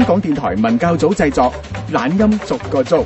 香港電台文教組製作，懶音逐個捉。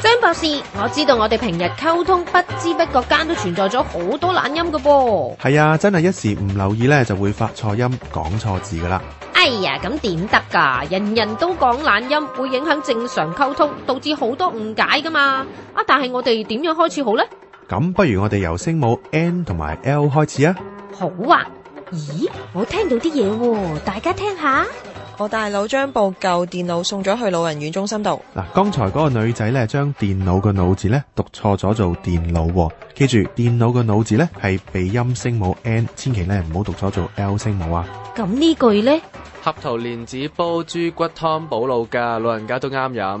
張博士，我知道我哋平日溝通，不知不覺間都存在咗好多懶音噶噃。係啊，真係一時唔留意呢，就會發錯音、講錯字噶啦。哎呀，咁點得噶？人人都講懶音，會影響正常溝通，導致好多誤解噶嘛。啊，但係我哋點樣開始好呢？咁不如我哋由聲母 n 同埋 l 開始啊。好啊。咦，我聽到啲嘢，大家聽下。我大佬將部舊電腦送咗去老人院中心度。嗱，剛才嗰個女仔咧，將電腦個腦字咧讀錯咗做電腦哦。記住，電腦個腦字咧係鼻音聲母 n，千祈咧唔好讀咗做 l 聲母啊。咁呢句咧？合桃蓮子煲豬骨湯補腦噶，老人家都啱飲。